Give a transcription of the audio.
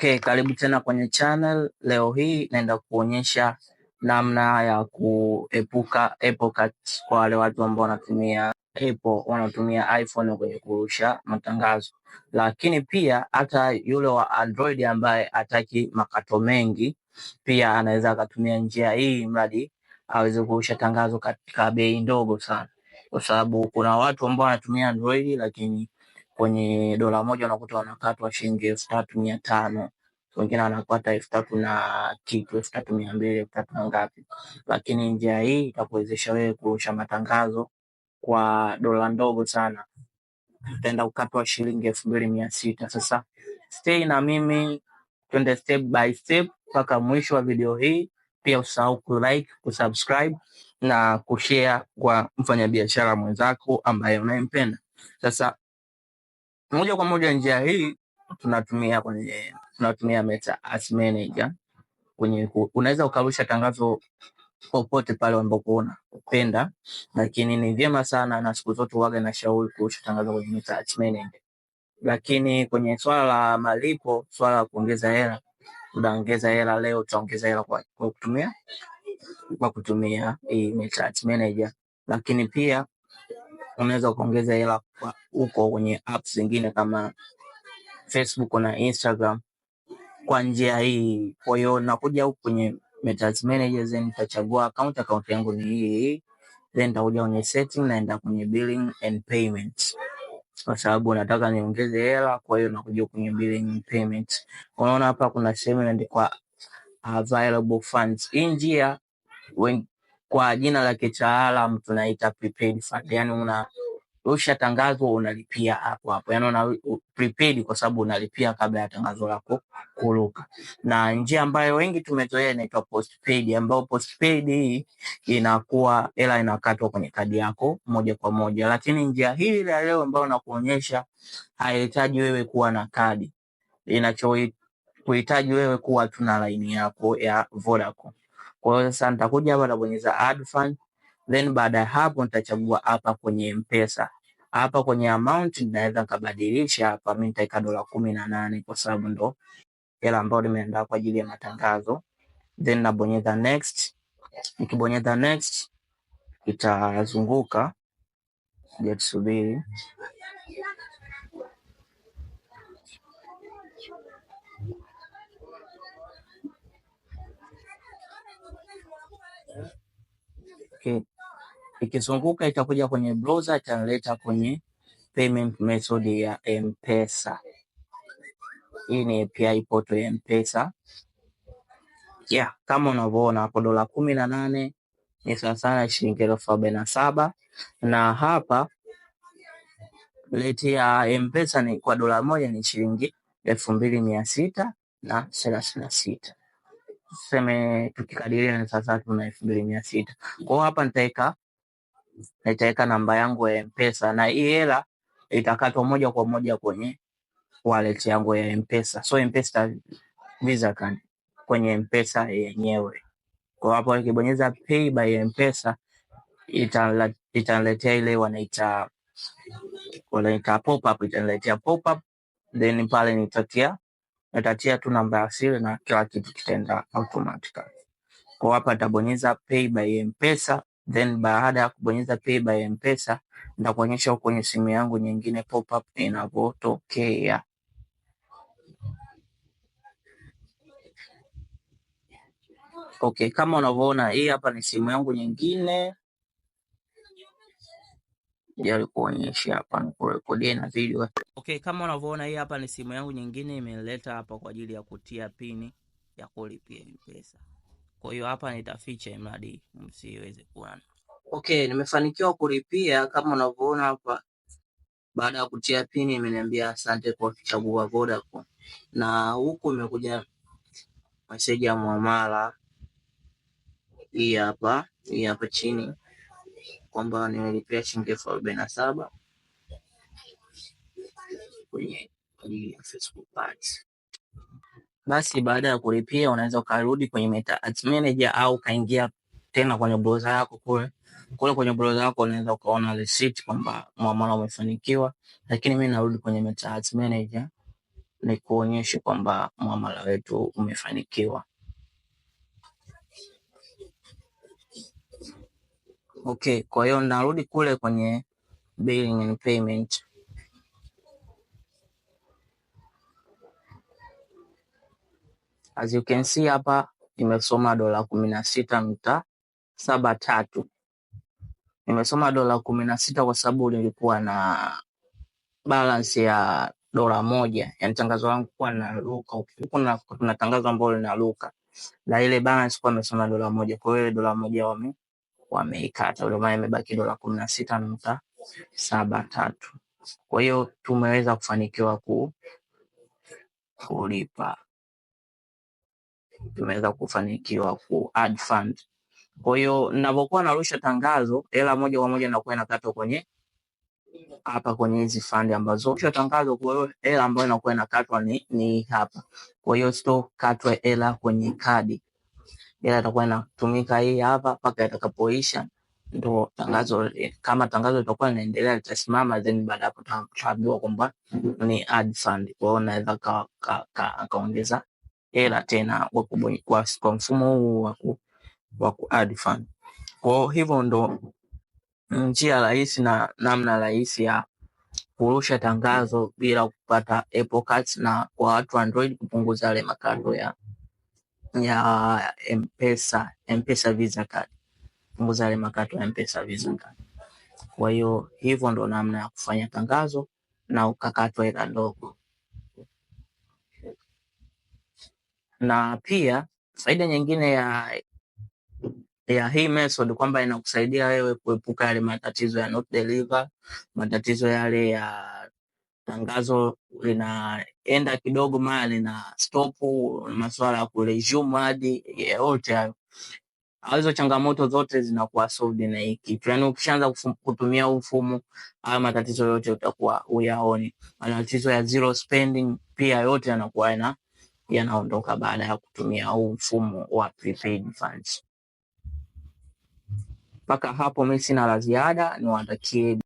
Okay, karibu tena kwenye channel. Leo hii naenda kuonyesha namna ya kuepuka Apple Cut kwa wale watu ambao wanatumia Apple, wanatumia iPhone kwenye kurusha matangazo, lakini pia hata yule wa Android ambaye hataki makato mengi, pia anaweza akatumia njia hii, mradi aweze kurusha tangazo katika bei ndogo sana, kwa sababu kuna watu ambao wanatumia Android lakini kwenye dola moja unakuta wanakatwa shilingi elfu tatu mia tano wengine wanapata elfu tatu na kitu, elfu tatu mia mbili, elfu tatu na ngapi. Lakini njia hii itakuwezesha wewe kurusha matangazo kwa dola ndogo sana, utaenda ukapewa shilingi elfu mbili mia sita. Sasa stay na mimi, twende step by step mpaka mwisho wa video hii. Pia usahau kulik kusubscribe na kushare kwa mfanyabiashara mwenzako ambaye unayempenda. Sasa moja kwa moja njia hii tunatumia kwenye tunatumia Meta Ads Manager kwenye, unaweza ukarusha tangazo popote pale ambapo unapenda, lakini ni vyema sana na siku zote huwaga na shauri kurusha tangazo kwenye Meta Ads Manager. Lakini kwenye swala la malipo, swala la kuongeza hela, unaongeza hela leo, utaongeza hela kwa, kwa kutumia kwa kutumia hii Meta Ads Manager, lakini pia unaweza ukaongeza hela huko kwenye apps zingine kama Facebook na Instagram kwa njia hii. Kwa hiyo nakuja huku kwenye metals manager, then nitachagua account. Account yangu ni hii, then nitakuja kwenye setting, naenda kwenye billing and payment kwa sababu nataka niongeze hela. Kwa hiyo nakuja kwenye billing and payment, unaona hapa kuna sehemu imeandikwa available funds. Hii njia kwa jina la kitaalamu tunaita prepaid fund, yani una ukishatangazwa unalipia hapo hapo, yani una prepaid kwa sababu unalipia kabla ya tangazo lako kuruka, na njia ambayo wengi tumezoea inaitwa postpaid, ambayo postpaid hii inakuwa hela inakatwa kwenye kadi yako moja kwa moja, lakini njia hii ya leo ambayo nakuonyesha haihitaji wewe kuwa na kadi, inachokuhitaji wewe kuwa tu na laini yako ya Vodacom. Kwa hiyo sasa nitakuja hapa, nabonyeza add fund Then baada ya hapo nitachagua hapa kwenye Mpesa. Hapa kwenye amount ninaweza nikabadilisha hapa, mimi nitaweka dola kumi na nane kwa sababu ndo hela ambayo nimeandaa kwa ajili ya matangazo. Then nabonyeza next. Nikibonyeza next itazunguka, sija tusubiri Okay. Ikizunguka itakuja kwenye browser, italeta kwenye payment method ya Mpesa. Hii ni API poto ya Mpesa yeah, kama unavyoona hapo dola kumi na nane ni sawa sana shilingi elfu arobaini na saba na hapa leti ya Mpesa ni kwa dola moja ni shilingi elfu mbili mia sita na thelathini na sita tuseme tukikadiria sasa tuna elfu mbili mia sita kwao hapa nitaweka nitaweka namba yangu ya Mpesa na hii hela itakatwa moja kwa moja kwenye wallet yangu ya Mpesa, so Mpesa Visa card kwenye Mpesa yenyewe. Kwa hapo ukibonyeza pay by Mpesa italetea ile wanaita wanaita pop up, italetea pop up, then pale nitatia natatia tu namba ya siri na kila kitu kitaenda automatically. Kwa hapa nitabonyeza pay by Mpesa Then baada ya kubonyeza pay by Mpesa, nitakuonyesha huko kwenye simu yangu nyingine pop up inavyotokea. Okay, kama unavyoona hii hapa ni simu yangu nyingine kuonyesha hapa nikurekodie na video. Okay, kama unavyoona hii hapa ni simu yangu nyingine, imeleta hapa kwa ajili ya kutia pini ya kulipia Mpesa. Kwa hiyo hapa nitaficha mradi msiweze kuona. Okay, nimefanikiwa kulipia kama unavyoona hapa. Baada ya kutia pini imeniambia asante kwa kuchagua Vodacom, na huku imekuja meseji ya mwamala hii hapa, hii hapa chini kwamba nimelipia shilingi elfu arobaini na saba kwenye Facebook page basi baada ya kulipia unaweza ukarudi kwenye Meta Ads Manager au ukaingia tena kwenye browser yako kule kule kwenye browser yako unaweza ukaona receipt kwamba muamala umefanikiwa, lakini mimi narudi kwenye Meta Ads Manager ni kuonyesha kwamba muamala wetu umefanikiwa. Okay, kwa hiyo narudi kule kwenye billing and payment. As you can see hapa nimesoma dola kumi na sita nukta saba tatu. Nimesoma dola kumi na sita kwa sababu nilikuwa na balance ya dola moja, yani tangazo langu kuwa linaruka. Kuna kuna tangazo ambalo linaruka na ile balance kuwa imesoma dola moja, kwa hiyo dola moja wame wameikata, ndio maana imebaki dola kumi na sita nukta saba tatu. Kwa hiyo tumeweza kufanikiwa ku kulipa tumeweza kufanikiwa ku add fund. Kwa hiyo ninapokuwa narusha tangazo, hela moja kwa moja inakuwa inakatwa kwenye hapa kwenye hizi fund ambazo rusha tangazo. Kwa hiyo hela ambayo inakuwa inakatwa ni, ni hapa. Kwa hiyo sio katwa hela kwenye kadi, hela itakuwa inatumika hii hapa mpaka itakapoisha ndo tangazo kama tangazo litakuwa linaendelea litasimama, then baada hapo tutaambiwa kwamba ni ad fund. Kwa hiyo naweza kaongeza ka, ka, ka hela tena kwa, kwa, mfumo huu wa wa ku add fund. Kwa hivyo ndo njia rahisi na namna rahisi ya kurusha tangazo bila kupata Apple Cards na kwa watu Android kupunguza yale makato ya ya M-Pesa Visa Card, punguza yale makato ya M-Pesa Visa Card. Kwa hiyo hivyo ndo namna ya kufanya tangazo na ukakatwa hela ndogo. na pia faida nyingine ya ya hii method kwamba inakusaidia wewe kuepuka yale matatizo ya not deliver, matatizo yale ya tangazo linaenda kidogo mara lina stop, masuala ya kuresume hadi yote hayo, hizo changamoto zote zinakuwa solved na hiki. Yani ukishaanza kutumia huu mfumo, haya matatizo yote utakuwa uyaoni. Matatizo ya zero spending pia yote yanakuwa yana yanaondoka baada ya kutumia huu mfumo wa prepaid funds. Mpaka hapo mimi sina la ziada, niwatakie